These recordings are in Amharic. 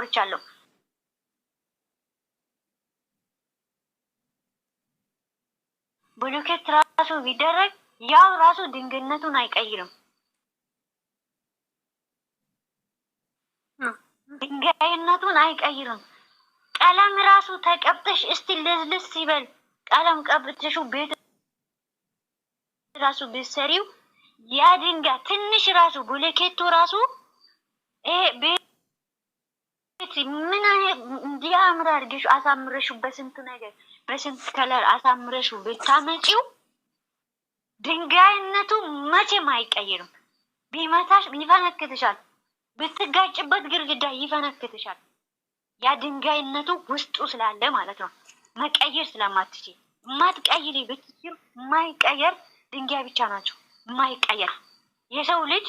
አውርቻለሁ። ብሎኬት ራሱ ቢደረግ ያው ራሱ ድንግነቱን አይቀይርም። ድንጋይነቱን አይቀይርም። ቀለም ራሱ ተቀብተሽ እስቲ ልስልስ ሲበል ቀለም ቀብተሹ ቤት ራሱ ብትሰሪው ያ ድንጋይ ትንሽ ራሱ ብሎኬቱ ራሱ ይሄ ምን እንዲህ አምር አድርገሽ አሳምረሽው በስንት ነገር በስንት ከለር አሳምረሽው ብታመጪው ድንጋይነቱ መቼም አይቀይርም። ቢመታሽ ይፈነክትሻል፣ ብትጋጭበት ግርግዳ ይፈነክትሻል። ያ ድንጋይነቱ ውስጡ ስላለ ማለት ነው። መቀየር ስለማትችል ማትቀይሪ ብትችል የማይቀየር ድንጋይ ብቻ ናቸው። የማይቀየር የሰው ልጅ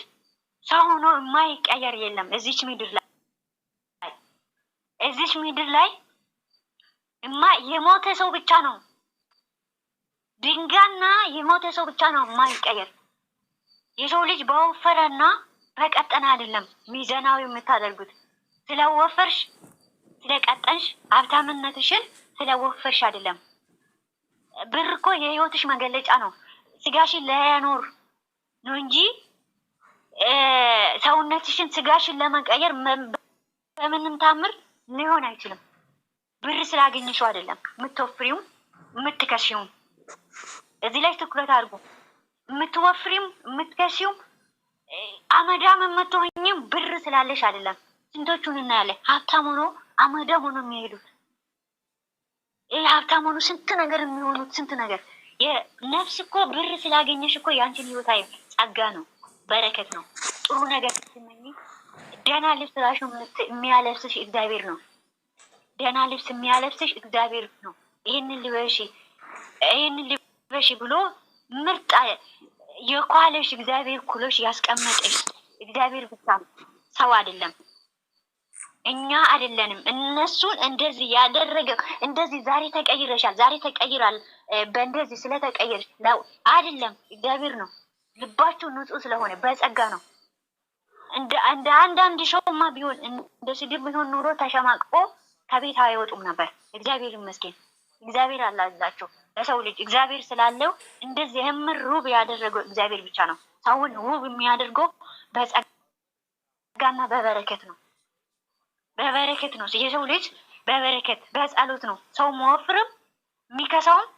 ሰው ሆኖ የማይቀየር የለም እዚች ምድር ላይ እዚች ምድር ላይ እማ የሞተ ሰው ብቻ ነው ድንጋና የሞተ ሰው ብቻ ነው የማይቀየር። የሰው ልጅ በወፈረና በቀጠነ አይደለም ሚዘናዊ የምታደርጉት። ስለወፈርሽ ስለቀጠንሽ፣ ሀብታምነትሽን ስለወፈርሽ አይደለም። ብር እኮ የህይወትሽ መገለጫ ነው። ስጋሽን ለያኖር ነው እንጂ ሰውነትሽን ስጋሽን ለመቀየር በምንም ታምር ሊሆን አይችልም። ብር ስላገኘሽው አይደለም የምትወፍሪውም የምትከሽውም። እዚህ ላይ ትኩረት አድርጉ። የምትወፍሪም የምትከሽውም አመዳም የምትሆኝም ብር ስላለሽ አይደለም። ስንቶቹን እናያለን ሀብታም ሆኖ አመዳም ሆኖ የሚሄዱት ይህ ሀብታም ሆኖ ስንት ነገር የሚሆኑት ስንት ነገር የነፍስ እኮ ብር ስላገኘሽ እኮ የአንችን ህይወት ጸጋ ነው፣ በረከት ነው፣ ጥሩ ነገር ስትመኝ ደህና ልብስ ራሱ የሚያለብስሽ እግዚአብሔር ነው። ደህና ልብስ የሚያለብስሽ እግዚአብሔር ነው። ይህንን ልበሺ፣ ይህንን ልበሺ ብሎ ምርጥ የኳለሽ እግዚአብሔር ኩሎሽ ያስቀመጠሽ እግዚአብሔር ብቻ ነው፣ ሰው አይደለም። እኛ አይደለንም። እነሱን እንደዚህ ያደረገ እንደዚህ ዛሬ ተቀይረሻል፣ ዛሬ ተቀይራል፣ በእንደዚህ ስለተቀይር አይደለም፣ እግዚአብሔር ነው። ልባችሁ ንጹህ ስለሆነ በጸጋ ነው። እንደ አንዳንድ ሰውማ ቢሆን እንደ ስድብ ቢሆን ኑሮ ተሸማቅቆ ከቤት አይወጡም ነበር። እግዚአብሔር ይመስገን። እግዚአብሔር አላላቸው ለሰው ልጅ እግዚአብሔር ስላለው እንደዚህ የምር ውብ ያደረገው እግዚአብሔር ብቻ ነው። ሰውን ውብ የሚያደርገው በጸጋና በበረከት ነው። በበረከት ነው። የሰው ልጅ በበረከት በጸሎት ነው። ሰው መወፍርም የሚከሳውም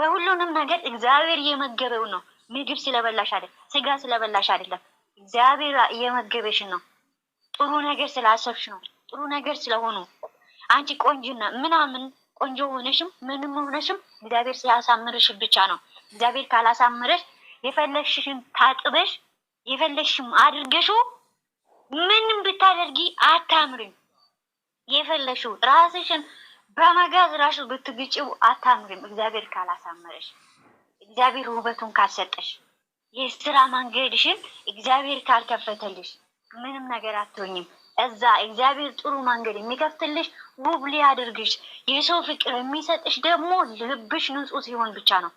በሁሉንም ነገር እግዚአብሔር የመገበው ነው። ምግብ ስለበላሽ አይደለም፣ ስጋ ስለበላሽ አይደለም። እግዚአብሔር እየመገበሽ ነው። ጥሩ ነገር ስላሰብሽ ነው። ጥሩ ነገር ስለሆኑ አንቺ ቆንጅና ምናምን ቆንጆ ሆነሽም ምንም ሆነሽም እግዚአብሔር ስላሳምርሽ ብቻ ነው። እግዚአብሔር ካላሳምረሽ የፈለግሽም ታጥበሽ የፈለግሽም አድርገሽ ምንም ብታደርጊ አታምርም። የፈለግሽው ራስሽን በመጋዝ ራሱ ብትግጭው አታምርም። እግዚአብሔር ካላሳመረሽ፣ እግዚአብሔር ውበቱን ካልሰጠሽ የስራ መንገድሽን እግዚአብሔር ካልከፈተልሽ ምንም ነገር አትሆኝም። እዛ እግዚአብሔር ጥሩ መንገድ የሚከፍትልሽ ውብ ሊያደርግሽ የሰው ፍቅር የሚሰጥሽ ደግሞ ልብሽ ንጹህ ሲሆን ብቻ ነው።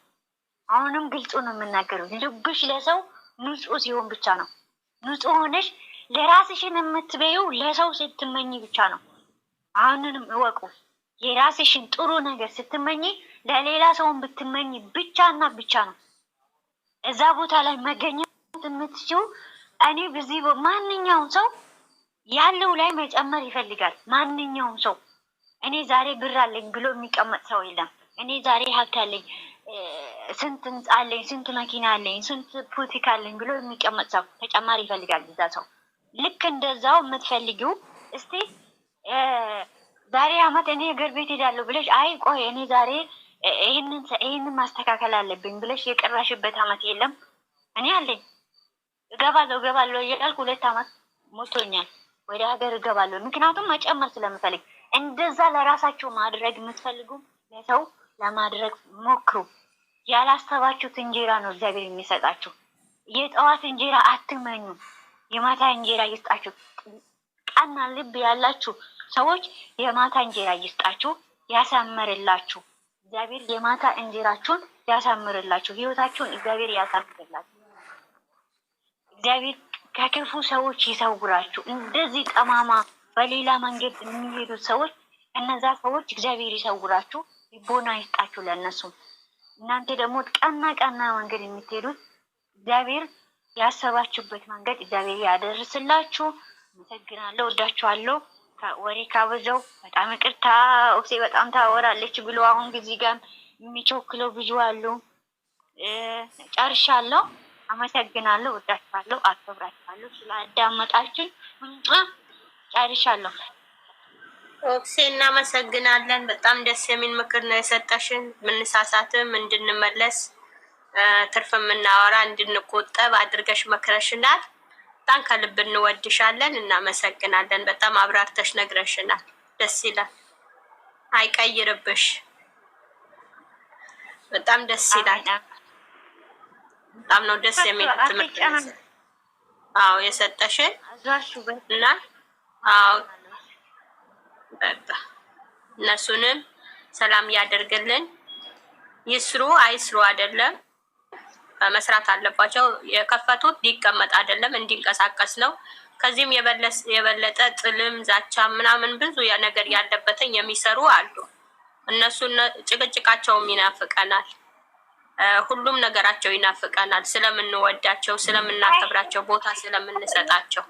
አሁንም ግልጹ ነው የምናገረው፣ ልብሽ ለሰው ንጹህ ሲሆን ብቻ ነው። ንጹህ ሆነሽ ለራስሽን የምትበይው ለሰው ስትመኝ ብቻ ነው። አሁንንም እወቁ፣ የራስሽን ጥሩ ነገር ስትመኝ ለሌላ ሰውን ብትመኝ ብቻና ብቻ ነው እዛ ቦታ ላይ መገኘት የምትችው እኔ በዚህ ማንኛውም ሰው ያለው ላይ መጨመር ይፈልጋል። ማንኛውም ሰው እኔ ዛሬ ብር አለኝ ብሎ የሚቀመጥ ሰው የለም። እኔ ዛሬ ሀብት አለኝ፣ ስንት ህንፃ አለኝ፣ ስንት መኪና አለኝ፣ ስንት ፖቲክ አለኝ ብሎ የሚቀመጥ ሰው ተጨማሪ ይፈልጋል። እዛ ሰው ልክ እንደዛው የምትፈልጊው እስቲ ዛሬ አመት እኔ እግር ቤት ሄዳለሁ ብለሽ አይ ቆይ እኔ ዛሬ ይህንን ማስተካከል አለብኝ ብለሽ የቀራሽበት አመት የለም። እኔ አለኝ እገባለሁ እገባለሁ እያልኩ ሁለት አመት ሞቶኛል። ወደ ሀገር እገባለሁ ምክንያቱም መጨመር ስለምፈልግ። እንደዛ ለራሳቸው ማድረግ የምትፈልጉ ለሰው ለማድረግ ሞክሩ። ያላሰባችሁት እንጀራ ነው እግዚአብሔር የሚሰጣችሁ። የጠዋት እንጀራ አትመኙ፣ የማታ እንጀራ ይስጣችሁ። ቀና ልብ ያላችሁ ሰዎች የማታ እንጀራ ይስጣችሁ፣ ያሳመርላችሁ። እግዚአብሔር የማታ እንጀራችሁን ያሳምርላችሁ፣ ህይወታችሁን እግዚአብሔር ያሳምርላችሁ። እግዚአብሔር ከክፉ ሰዎች ይሰውራችሁ። እንደዚህ ጠማማ በሌላ መንገድ የሚሄዱት ሰዎች እነዛ ሰዎች እግዚአብሔር ይሰውራችሁ፣ ልቦና ይስጣችሁ ለእነሱም። እናንተ ደግሞ ቀና ቀና መንገድ የምትሄዱት እግዚአብሔር ያሰባችሁበት መንገድ እግዚአብሔር ያደርስላችሁ። አመሰግናለሁ። ወዳችኋለሁ። ወሬ ካበዛው በጣም ይቅርታ። ኦክሴ በጣም ታወራለች ብሎ አሁን ጊዜ ጋር የሚቸኩለው ብዙ አሉ። ጨርሻለሁ። አመሰግናለሁ። ወዳችኋለሁ፣ አከብራችኋለሁ። ስላዳመጣችን ጨርሻለሁ። ኦክሴ እናመሰግናለን። በጣም ደስ የሚል ምክር ነው የሰጠሽን። ምንሳሳትም እንድንመለስ ትርፍ የምናወራ እንድንቆጠብ አድርገሽ መክረሽናል። በጣም ከልብ እንወድሻለን፣ እናመሰግናለን። በጣም አብራርተሽ ነግረሽናል። ደስ ይላል። አይቀይርብሽ። በጣም ደስ ይላል። በጣም ነው ደስ የሚል ትምህርት። አዎ የሰጠሽን እና አዎ በቃ እነሱንም ሰላም እያደርግልን ይስሩ አይስሩ አይደለም መስራት አለባቸው። የከፈቱት ሊቀመጥ አይደለም እንዲንቀሳቀስ ነው። ከዚህም የበለጠ ጥልም፣ ዛቻ ምናምን ብዙ ነገር ያለበትን የሚሰሩ አሉ። እነሱ ጭቅጭቃቸውም ይናፍቀናል። ሁሉም ነገራቸው ይናፍቀናል። ስለምንወዳቸው፣ ስለምናከብራቸው፣ ቦታ ስለምንሰጣቸው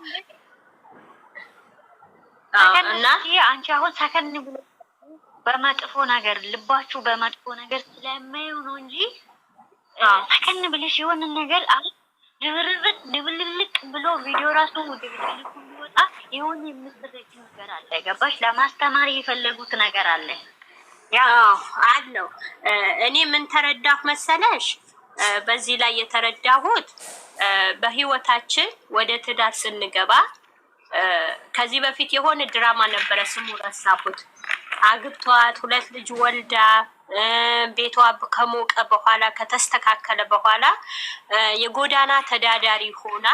እና አንቺ አሁን ሰከን ብሎ በመጥፎ ነገር ልባችሁ በመጥፎ ነገር ስለማይሆነው እንጂ ሰከን ብለሽ የሆነ ነገር ድብርብት ድብልልቅ ብሎ ቪዲዮ ራሱ ድብልልቁ ቢወጣ የሆነ የምትረጅ ነገር አለ። ገባሽ? ለማስተማር የፈለጉት ነገር አለ ያው አለው። እኔ ምን ተረዳሁ መሰለሽ? በዚህ ላይ የተረዳሁት በህይወታችን ወደ ትዳር ስንገባ ከዚህ በፊት የሆነ ድራማ ነበረ፣ ስሙ ረሳሁት አግብቷት ሁለት ልጅ ወልዳ ቤቷ ከሞቀ በኋላ ከተስተካከለ በኋላ የጎዳና ተዳዳሪ ሆና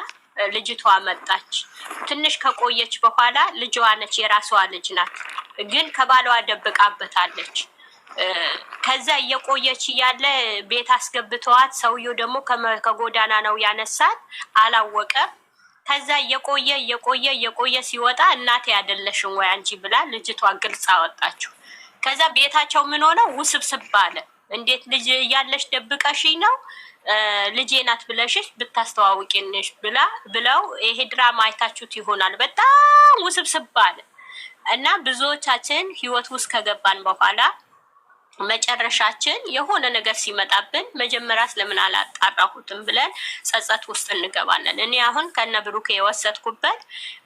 ልጅቷ መጣች። ትንሽ ከቆየች በኋላ ልጅዋ ነች፣ የራሷ ልጅ ናት። ግን ከባሏ ደብቃበታለች። ከዛ እየቆየች እያለ ቤት አስገብተዋት፣ ሰውየው ደግሞ ከጎዳና ነው ያነሳት፣ አላወቀም። ከዛ እየቆየ እየቆየ እየቆየ ሲወጣ እናቴ ያደለሽን ወይ አንቺ ብላ ልጅቷ ግልጽ አወጣችሁ። ከዛ ቤታቸው ምን ሆነው ውስብስብ አለ። እንዴት ልጅ እያለሽ ደብቀሽኝ ነው ልጄ ናት ብለሽሽ ብታስተዋውቂንሽ ብላ ብለው ይሄ ድራማ አይታችሁት ይሆናል። በጣም ውስብስብ አለ እና ብዙዎቻችን ህይወት ውስጥ ከገባን በኋላ መጨረሻችን የሆነ ነገር ሲመጣብን መጀመሪያ ስለምን አላጣራሁትም ብለን ጸጸት ውስጥ እንገባለን። እኔ አሁን ከነ ብሩክ የወሰድኩበት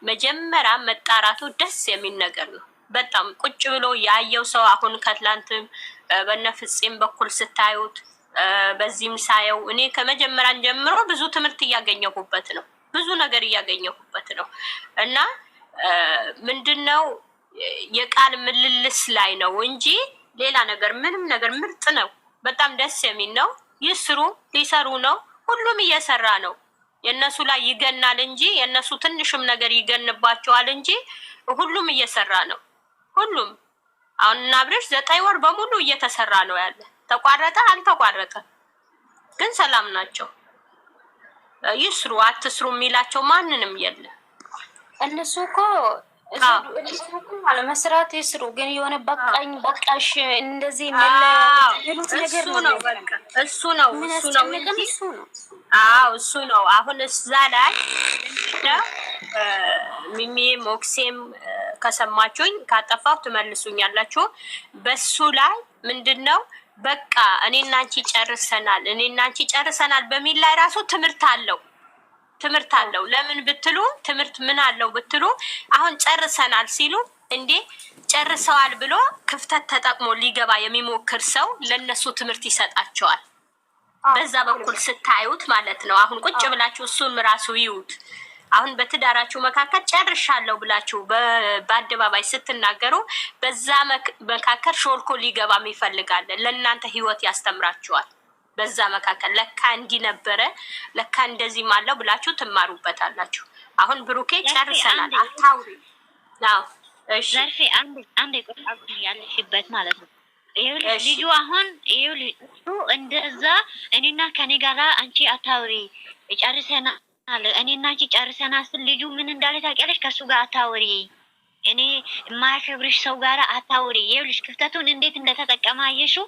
መጀመሪያ መጣራቱ ደስ የሚል ነገር ነው። በጣም ቁጭ ብሎ ያየው ሰው አሁን ከትላንትም በነ ፍጼም በኩል ስታዩት፣ በዚህም ሳየው እኔ ከመጀመሪያን ጀምሮ ብዙ ትምህርት እያገኘሁበት ነው። ብዙ ነገር እያገኘሁበት ነው እና ምንድን ነው የቃል ምልልስ ላይ ነው እንጂ ሌላ ነገር ምንም ነገር ምርጥ ነው። በጣም ደስ የሚል ነው። ይስሩ፣ ሊሰሩ ነው። ሁሉም እየሰራ ነው። የእነሱ ላይ ይገናል እንጂ የእነሱ ትንሽም ነገር ይገንባቸዋል እንጂ ሁሉም እየሰራ ነው። ሁሉም አሁን ብርሽ ዘጠኝ ወር በሙሉ እየተሰራ ነው ያለ። ተቋረጠ አልተቋረጠም፣ ግን ሰላም ናቸው። ይስሩ አትስሩ የሚላቸው ማንንም የለም። እነሱ እኮ መስራት ይስሩ፣ ግን የሆነ በቃኝ በቃሽ እንደዚህ የሚሉት ነገር ነው። እሱ ነው እሱ ነው እሱ ነው አዎ እሱ ነው። አሁን እዛ ላይ ሚሚም ኦክሴም ከሰማችሁኝ ካጠፋሁ ትመልሱኛላችሁ። በሱ ላይ ምንድን ነው በቃ እኔ እናንቺ ጨርሰናል፣ እኔ እናንቺ ጨርሰናል በሚል ላይ ራሱ ትምህርት አለው። ትምህርት አለው። ለምን ብትሉ ትምህርት ምን አለው ብትሉ አሁን ጨርሰናል ሲሉ እንዴ ጨርሰዋል ብሎ ክፍተት ተጠቅሞ ሊገባ የሚሞክር ሰው ለነሱ ትምህርት ይሰጣቸዋል። በዛ በኩል ስታዩት ማለት ነው። አሁን ቁጭ ብላችሁ እሱም ራሱ ይዩት። አሁን በትዳራችሁ መካከል ጨርሻለሁ ብላችሁ በአደባባይ ስትናገሩ በዛ መካከል ሾልኮ ሊገባም ይፈልጋለን። ለእናንተ ህይወት ያስተምራችኋል። በዛ መካከል ለካ እንዲህ ነበረ ለካ እንደዚህ ማለው ብላችሁ ትማሩበታላችሁ። አሁን ብሩኬ ጨርሰናል። አታውሪ ዘርፌ አንድ ቁጣቁ ያለሽበት ማለት ነው። ልጁ አሁን ይኸው ልጁ እንደዛ እኔና ከኔ ጋራ አንቺ አታውሪ ጨርሰናል፣ እኔና አንቺ ጨርሰናል ስል ልጁ ምን እንዳለ ታውቂያለሽ? ከእሱ ጋር አታውሪ እኔ የማያከብርሽ ሰው ጋራ አታውሪ። ይኸውልሽ ክፍተቱን እንዴት እንደተጠቀማየሽው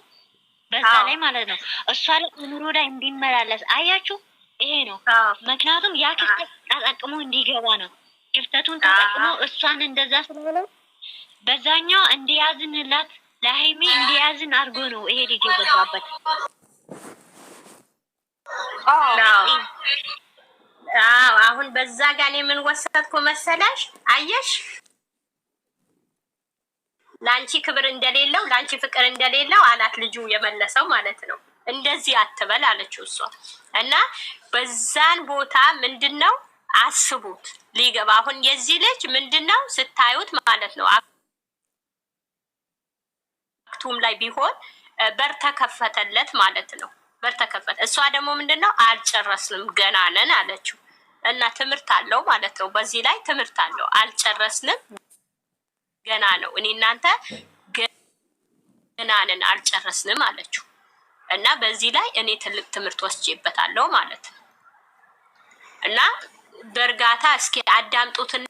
በዛ ላይ ማለት ነው እሷ ላይ አእምሮ ላይ እንዲመላለስ አያችሁ፣ ይሄ ነው ምክንያቱም ያ ክፍተት ተጠቅሞ እንዲገባ ነው። ክፍተቱን ተጠቅሞ እሷን እንደዛ ስለሆነው በዛኛው እንዲያዝንላት ለሀይሜ እንዲያዝን አድርጎ ነው ይሄ ልጅ የገባበት። አሁን በዛ ጋር የምንወሰድኩ መሰላሽ አየሽ ለአንቺ ክብር እንደሌለው ለአንቺ ፍቅር እንደሌለው አላት ልጁ የመለሰው ማለት ነው። እንደዚህ አትበል አለችው እሷ እና በዛን ቦታ ምንድን ነው አስቡት ሊገባ አሁን የዚህ ልጅ ምንድን ነው ስታዩት ማለት ነው አክቱም ላይ ቢሆን በር ተከፈተለት ማለት ነው። በር ተከፈተ። እሷ ደግሞ ምንድን ነው አልጨረስንም ገና ነን አለችው እና ትምህርት አለው ማለት ነው። በዚህ ላይ ትምህርት አለው አልጨረስንም ገና ነው፣ እኔ እናንተ ገና ነን፣ አልጨረስንም አለችው እና በዚህ ላይ እኔ ትልቅ ትምህርት ወስጄበታለሁ ማለት ነው እና በእርጋታ እስኪ አዳምጡትን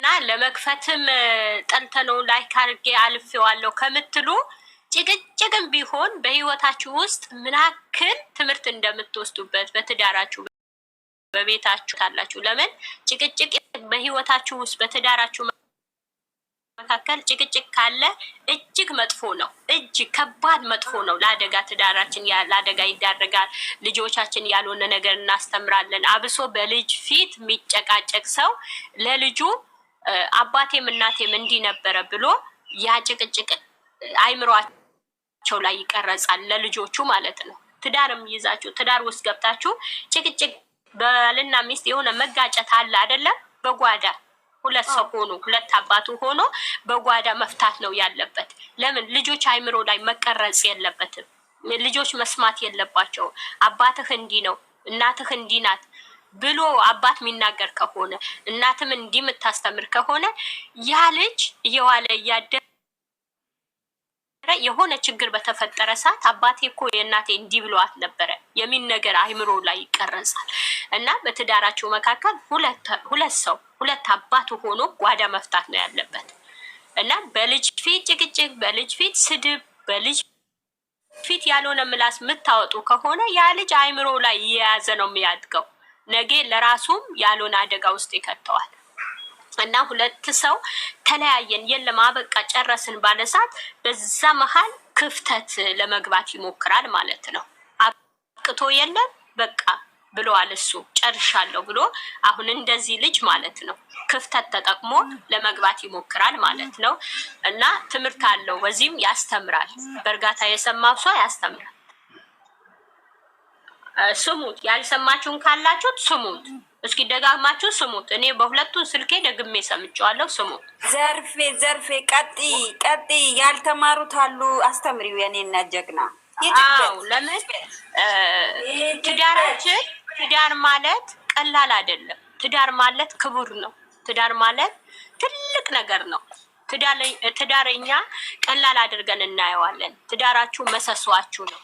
እና ለመክፈትም ጠንተነው ላይ ካርጌ አልፌዋለሁ ከምትሉ ጭቅጭቅም ቢሆን በህይወታችሁ ውስጥ ምናክል ትምህርት እንደምትወስዱበት በትዳራችሁ በቤታችሁ ታላችሁ። ለምን ጭቅጭቅ በህይወታችሁ ውስጥ በትዳራችሁ መካከል ጭቅጭቅ ካለ እጅግ መጥፎ ነው። እጅግ ከባድ መጥፎ ነው። ለአደጋ ትዳራችን ለአደጋ ይዳረጋል። ልጆቻችን ያልሆነ ነገር እናስተምራለን። አብሶ በልጅ ፊት የሚጨቃጨቅ ሰው ለልጁ አባቴም እናቴም እንዲህ ነበረ ብሎ ያ ጭቅጭቅ አይምሯቸው ላይ ይቀረጻል፣ ለልጆቹ ማለት ነው። ትዳርም ይዛችሁ ትዳር ውስጥ ገብታችሁ ጭቅጭቅ ባልና ሚስት የሆነ መጋጨት አለ አይደለም በጓዳ ሁለት ሰው ሆኖ ሁለት አባቱ ሆኖ በጓዳ መፍታት ነው ያለበት። ለምን ልጆች አይምሮ ላይ መቀረጽ የለበትም። ልጆች መስማት የለባቸው። አባትህ እንዲህ ነው፣ እናትህ እንዲህ ናት ብሎ አባት የሚናገር ከሆነ እናትም እንዲህ የምታስተምር ከሆነ ያ ልጅ እየዋለ እያደ የሆነ ችግር በተፈጠረ ሰዓት አባቴ እኮ የእናቴ እንዲህ ብለዋት ነበረ የሚል ነገር አይምሮ ላይ ይቀረጻል እና በትዳራቸው መካከል ሁለት ሰው ሁለት አባት ሆኖ ጓዳ መፍታት ነው ያለበት እና በልጅ ፊት ጭቅጭቅ፣ በልጅ ፊት ስድብ፣ በልጅ ፊት ያልሆነ ምላስ የምታወጡ ከሆነ ያ ልጅ አይምሮ ላይ የያዘ ነው የሚያድገው። ነገ ለራሱም ያልሆነ አደጋ ውስጥ ይከተዋል። እና ሁለት ሰው ተለያየን፣ የለም አበቃ ጨረስን ባለሰዓት በዛ መሀል ክፍተት ለመግባት ይሞክራል ማለት ነው። አብቅቶ የለም በቃ ብለዋል እሱ ጨርሻለሁ ብሎ አሁን እንደዚህ ልጅ ማለት ነው ክፍተት ተጠቅሞ ለመግባት ይሞክራል ማለት ነው። እና ትምህርት አለው በዚህም ያስተምራል። በእርጋታ የሰማው ሰው ያስተምራል። ስሙት፣ ያልሰማችሁን ካላችሁት ስሙት። እስኪ ደጋግማችሁ ስሙት። እኔ በሁለቱ ስልኬ ደግሜ ሰምቼዋለሁ። ስሙት። ዘርፌ ዘርፌ፣ ቀጢ ቀጢ፣ ያልተማሩት አሉ አስተምሪው። የኔና ጀግና ው ለምን ትዳራችን ትዳር ማለት ቀላል አይደለም። ትዳር ማለት ክቡር ነው። ትዳር ማለት ትልቅ ነገር ነው። ትዳረኛ ቀላል አድርገን እናየዋለን። ትዳራችሁ መሰሷችሁ ነው።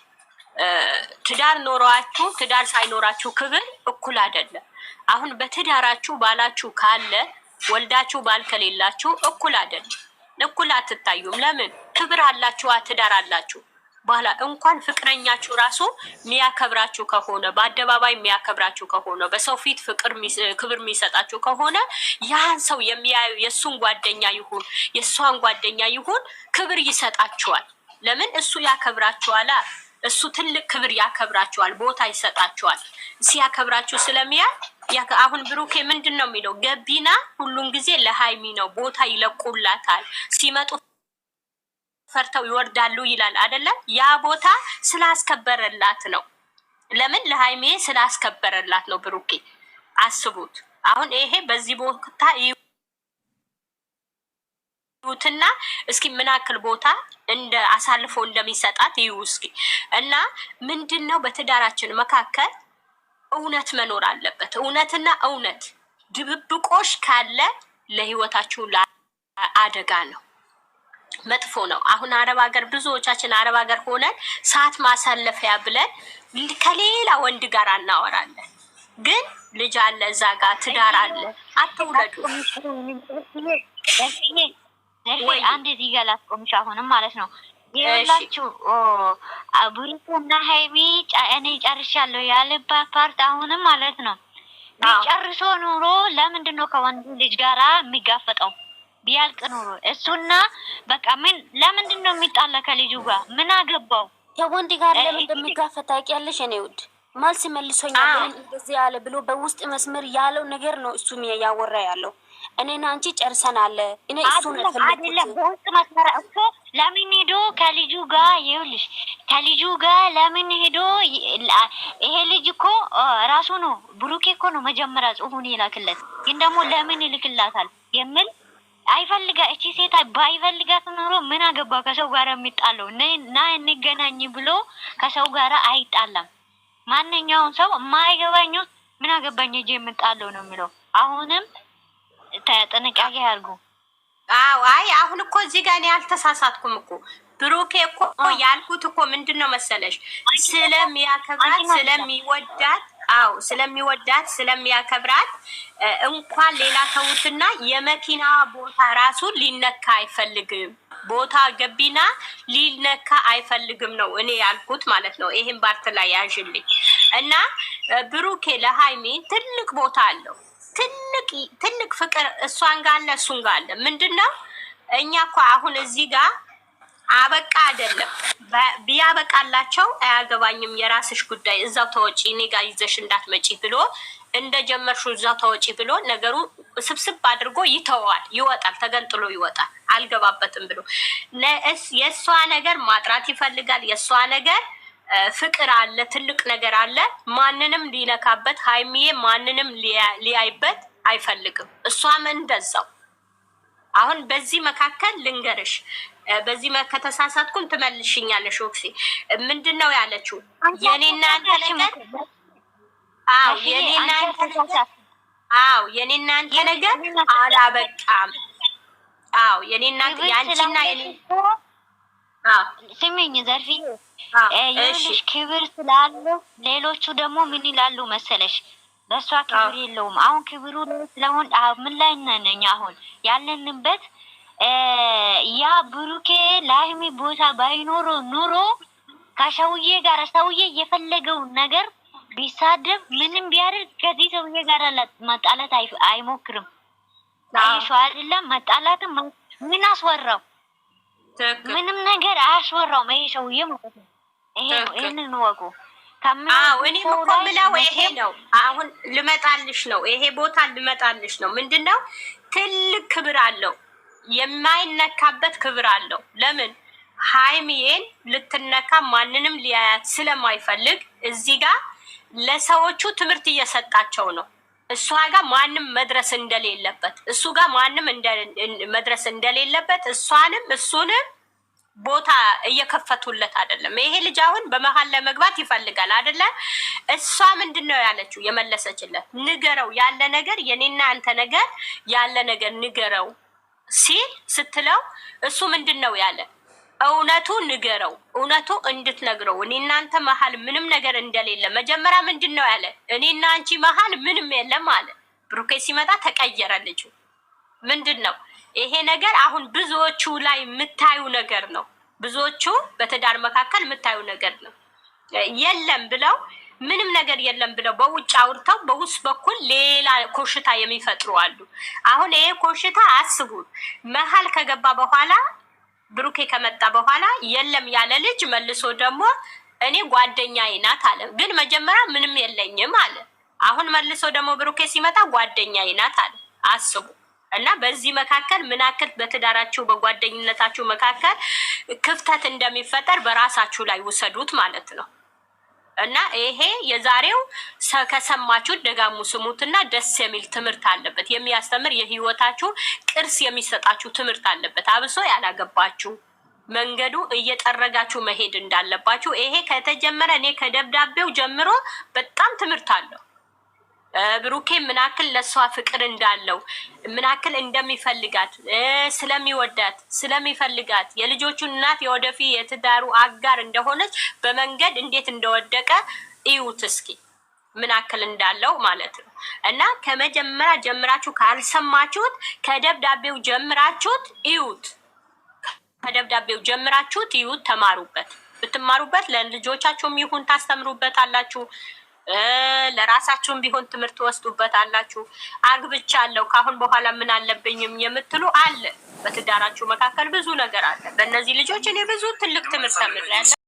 ትዳር ኖሯችሁ ትዳር ሳይኖራችሁ ክብር እኩል አይደለም። አሁን በትዳራችሁ ባላችሁ ካለ ወልዳችሁ ባል ከሌላችሁ እኩል አደል እኩል አትታዩም። ለምን ክብር አላችሁ፣ ትዳር አላችሁ። በኋላ እንኳን ፍቅረኛችሁ ራሱ የሚያከብራችሁ ከሆነ በአደባባይ የሚያከብራችሁ ከሆነ በሰው ፊት ፍቅር ክብር የሚሰጣችሁ ከሆነ ያን ሰው የሚያዩ የእሱን ጓደኛ ይሁን የእሷን ጓደኛ ይሁን ክብር ይሰጣችኋል። ለምን እሱ ያከብራችኋላ። እሱ ትልቅ ክብር ያከብራቸዋል፣ ቦታ ይሰጣቸዋል። ሲያከብራቸው ስለሚያል አሁን ብሩኬ ምንድን ነው የሚለው? ገቢና ሁሉን ጊዜ ለሀይሚ ነው ቦታ ይለቁላታል ሲመጡ ፈርተው ይወርዳሉ ይላል አይደለም? ያ ቦታ ስላስከበረላት ነው። ለምን ለሀይሜ ስላስከበረላት ነው። ብሩኬ አስቡት። አሁን ይሄ በዚህ ቦታ ትና እስኪ ምን ያክል ቦታ እንደ አሳልፎ እንደሚሰጣት ይዩ እስኪ። እና ምንድን ነው በትዳራችን መካከል እውነት መኖር አለበት። እውነትና እውነት ድብብቆሽ ካለ ለህይወታችሁ አደጋ ነው፣ መጥፎ ነው። አሁን አረብ ሀገር ብዙዎቻችን አረብ ሀገር ሆነን ሰዓት ማሳለፊያ ብለን ከሌላ ወንድ ጋር እናወራለን ግን ልጅ አለ እዛ ጋር ትዳር አለ። አትውለዱ ወይ አንድ እዚህ ጋር ላስቆምሽ፣ አሁንም ማለት ነው ይላችሁ ብሩኩ እና ሀይሚ እኔ ጨርሻለሁ ያለባ ፓርት አሁንም ማለት ነው ቢጨርሶ ኑሮ ለምንድን ነው ከወንድ ልጅ ጋራ የሚጋፈጠው? ቢያልቅ ኑሮ እሱና በቃ ምን ለምንድን ነው የሚጣላ ከልጁ ጋር ምን አገባው? ከወንድ ጋር ለምን እንደሚጋፈጥ ታውቂያለሽ? እኔ ውድ መልስ መልሶኛል እንደዚህ ያለ ብሎ በውስጥ መስመር ያለው ነገር ነው እሱም ያወራ ያለው እኔና አንቺ ጨርሰናል። እኔ አይደለም በውስጥ መስመር እኮ ለምን ሄዶ ከልጁ ጋር ይኸውልሽ፣ ከልጁ ጋር ለምን ሄዶ ይሄ ልጅ እኮ ራሱ ነው ብሩኬ እኮ ነው መጀመሪያ ጽሁፉን ይላክለት፣ ግን ደግሞ ለምን ይልክላታል የምል አይፈልጋ እቺ ሴት ባይፈልጋት ኖሮ ምን አገባ ከሰው ጋር የሚጣለው ና እንገናኝ ብሎ ከሰው ጋር አይጣላም። ማንኛውም ሰው የማይገባኝ ምን አገባኝ እጅ የምጣለው ነው የሚለው አሁንም ጥንቃቄ አድርጉ። አዎ አይ አሁን እኮ እዚህ ጋር እኔ አልተሳሳትኩም እኮ ብሩኬ እኮ ያልኩት እኮ ምንድን ነው መሰለሽ ስለሚያከብራት ስለሚወዳት አዎ ስለሚወዳት ስለሚያከብራት እንኳን ሌላ ተውትና የመኪና ቦታ ራሱ ሊነካ አይፈልግም። ቦታ ገቢና ሊነካ አይፈልግም ነው እኔ ያልኩት ማለት ነው። ይሄን ባርት ላይ ያዥልኝ እና ብሩኬ ለሀይሜ ትልቅ ቦታ አለው ትልቅ ፍቅር እሷን ጋር አለ እሱን ጋር አለ። ምንድን ነው እኛ እኮ አሁን እዚህ ጋር አበቃ አይደለም። ቢያበቃላቸው አያገባኝም፣ የራስሽ ጉዳይ፣ እዛው ተወጪ፣ እኔ ጋር ይዘሽ እንዳትመጪ ብሎ እንደጀመርሹ እዛው ተወጪ ብሎ ነገሩ ስብስብ አድርጎ ይተወዋል፣ ይወጣል፣ ተገንጥሎ ይወጣል። አልገባበትም ብሎ የእሷ ነገር ማጥራት ይፈልጋል የእሷ ነገር ፍቅር አለ፣ ትልቅ ነገር አለ። ማንንም ሊነካበት ሀይሚዬ ማንንም ሊያይበት አይፈልግም። እሷም እንደዛው። አሁን በዚህ መካከል ልንገርሽ፣ በዚህ ከተሳሳትኩን ትመልሽኛለሽ። ኦክሲ ምንድን ነው ያለችው? የኔና አንተ ነገር አዎ፣ የኔና አንተ ነገር አዎ፣ የኔና አንተ ነገር አላበቃም። አዎ፣ የኔና ያንቺና የኔ ስሚኝ ዘርፊ የልጅ ክብር ስላለው ሌሎቹ ደግሞ ምን ይላሉ መሰለሽ፣ በእሷ ክብር የለውም። አሁን ክብሩ ስለሆን ምን ላይ ነነኝ አሁን ያለንበት ያ ብሩኬ ለሀይሚ ቦታ ባይኖሮ ኑሮ ከሰውዬ ጋር ሰውዬ የፈለገው ነገር ቢሳደብ ምንም ቢያደርግ ከዚህ ሰውዬ ጋር መጣላት አይሞክርም። አይሸ አይደለም መጣላትም ምን አስወራው? ምንም ነገር አያስወራውም። ይሄ ሰውዬ ማለት ነው። ይሄንን ወቁ። እኔም እኮ የምለው ይሄ ነው። አሁን ልመጣልሽ ነው። ይሄ ቦታ ልመጣልሽ ነው። ምንድን ነው ትልቅ ክብር አለው፣ የማይነካበት ክብር አለው። ለምን ሀይሚዬን ልትነካ ማንንም ሊያያት ስለማይፈልግ እዚህ ጋር ለሰዎቹ ትምህርት እየሰጣቸው ነው። እሷ ጋር ማንም መድረስ እንደሌለበት እሱ ጋር ማንም መድረስ እንደሌለበት እሷንም እሱንም ቦታ እየከፈቱለት አይደለም። ይሄ ልጅ አሁን በመሀል ለመግባት ይፈልጋል አይደለ? እሷ ምንድን ነው ያለችው የመለሰችለት፣ ንገረው ያለ ነገር የኔና አንተ ነገር ያለ ነገር ንገረው ሲል ስትለው እሱ ምንድን ነው ያለ እውነቱ ንገረው፣ እውነቱ እንድትነግረው እኔ እናንተ መሀል ምንም ነገር እንደሌለ። መጀመሪያ ምንድን ነው ያለ? እኔ አንቺ መሀል ምንም የለም አለ። ብሩኬ ሲመጣ ተቀየረ ልጁ። ምንድን ነው ይሄ ነገር? አሁን ብዙዎቹ ላይ የምታዩ ነገር ነው። ብዙዎቹ በትዳር መካከል የምታዩ ነገር ነው። የለም ብለው ምንም ነገር የለም ብለው በውጭ አውርተው በውስጥ በኩል ሌላ ኮሽታ የሚፈጥሩ አሉ። አሁን ይሄ ኮሽታ አስቡ መሀል ከገባ በኋላ ብሩኬ ከመጣ በኋላ የለም ያለ ልጅ መልሶ ደግሞ እኔ ጓደኛዬ ናት አለ። ግን መጀመሪያ ምንም የለኝም አለ። አሁን መልሶ ደግሞ ብሩኬ ሲመጣ ጓደኛዬ ናት አለ። አስቡ እና በዚህ መካከል ምን ያክል በትዳራችሁ በጓደኝነታችሁ መካከል ክፍተት እንደሚፈጠር በራሳችሁ ላይ ውሰዱት ማለት ነው። እና ይሄ የዛሬው ከሰማችሁ ደጋሙ ስሙትና ደስ የሚል ትምህርት አለበት። የሚያስተምር የህይወታችሁ ቅርስ የሚሰጣችሁ ትምህርት አለበት። አብሶ ያላገባችሁ መንገዱ እየጠረጋችሁ መሄድ እንዳለባችሁ ይሄ ከተጀመረ እኔ ከደብዳቤው ጀምሮ በጣም ትምህርት አለው። ብሩኬ ምናክል ለእሷ ፍቅር እንዳለው ምናክል እንደሚፈልጋት ስለሚወዳት ስለሚፈልጋት የልጆቹ እናት የወደፊት የትዳሩ አጋር እንደሆነች በመንገድ እንዴት እንደወደቀ እዩት እስኪ ምናክል እንዳለው ማለት ነው። እና ከመጀመሪያ ጀምራችሁ ካልሰማችሁት ከደብዳቤው ጀምራችሁት እዩት፣ ከደብዳቤው ጀምራችሁት እዩት፣ ተማሩበት። ብትማሩበት ለልጆቻችሁም ይሁን ታስተምሩበት አላችሁ። ለራሳችሁም ቢሆን ትምህርት ወስዱበት አላችሁ። አግብቻለሁ ከአሁን በኋላ ምን አለብኝም የምትሉ አለ። በትዳራችሁ መካከል ብዙ ነገር አለ። በእነዚህ ልጆች እኔ ብዙ ትልቅ ትምህርት ተምሬያለሁ።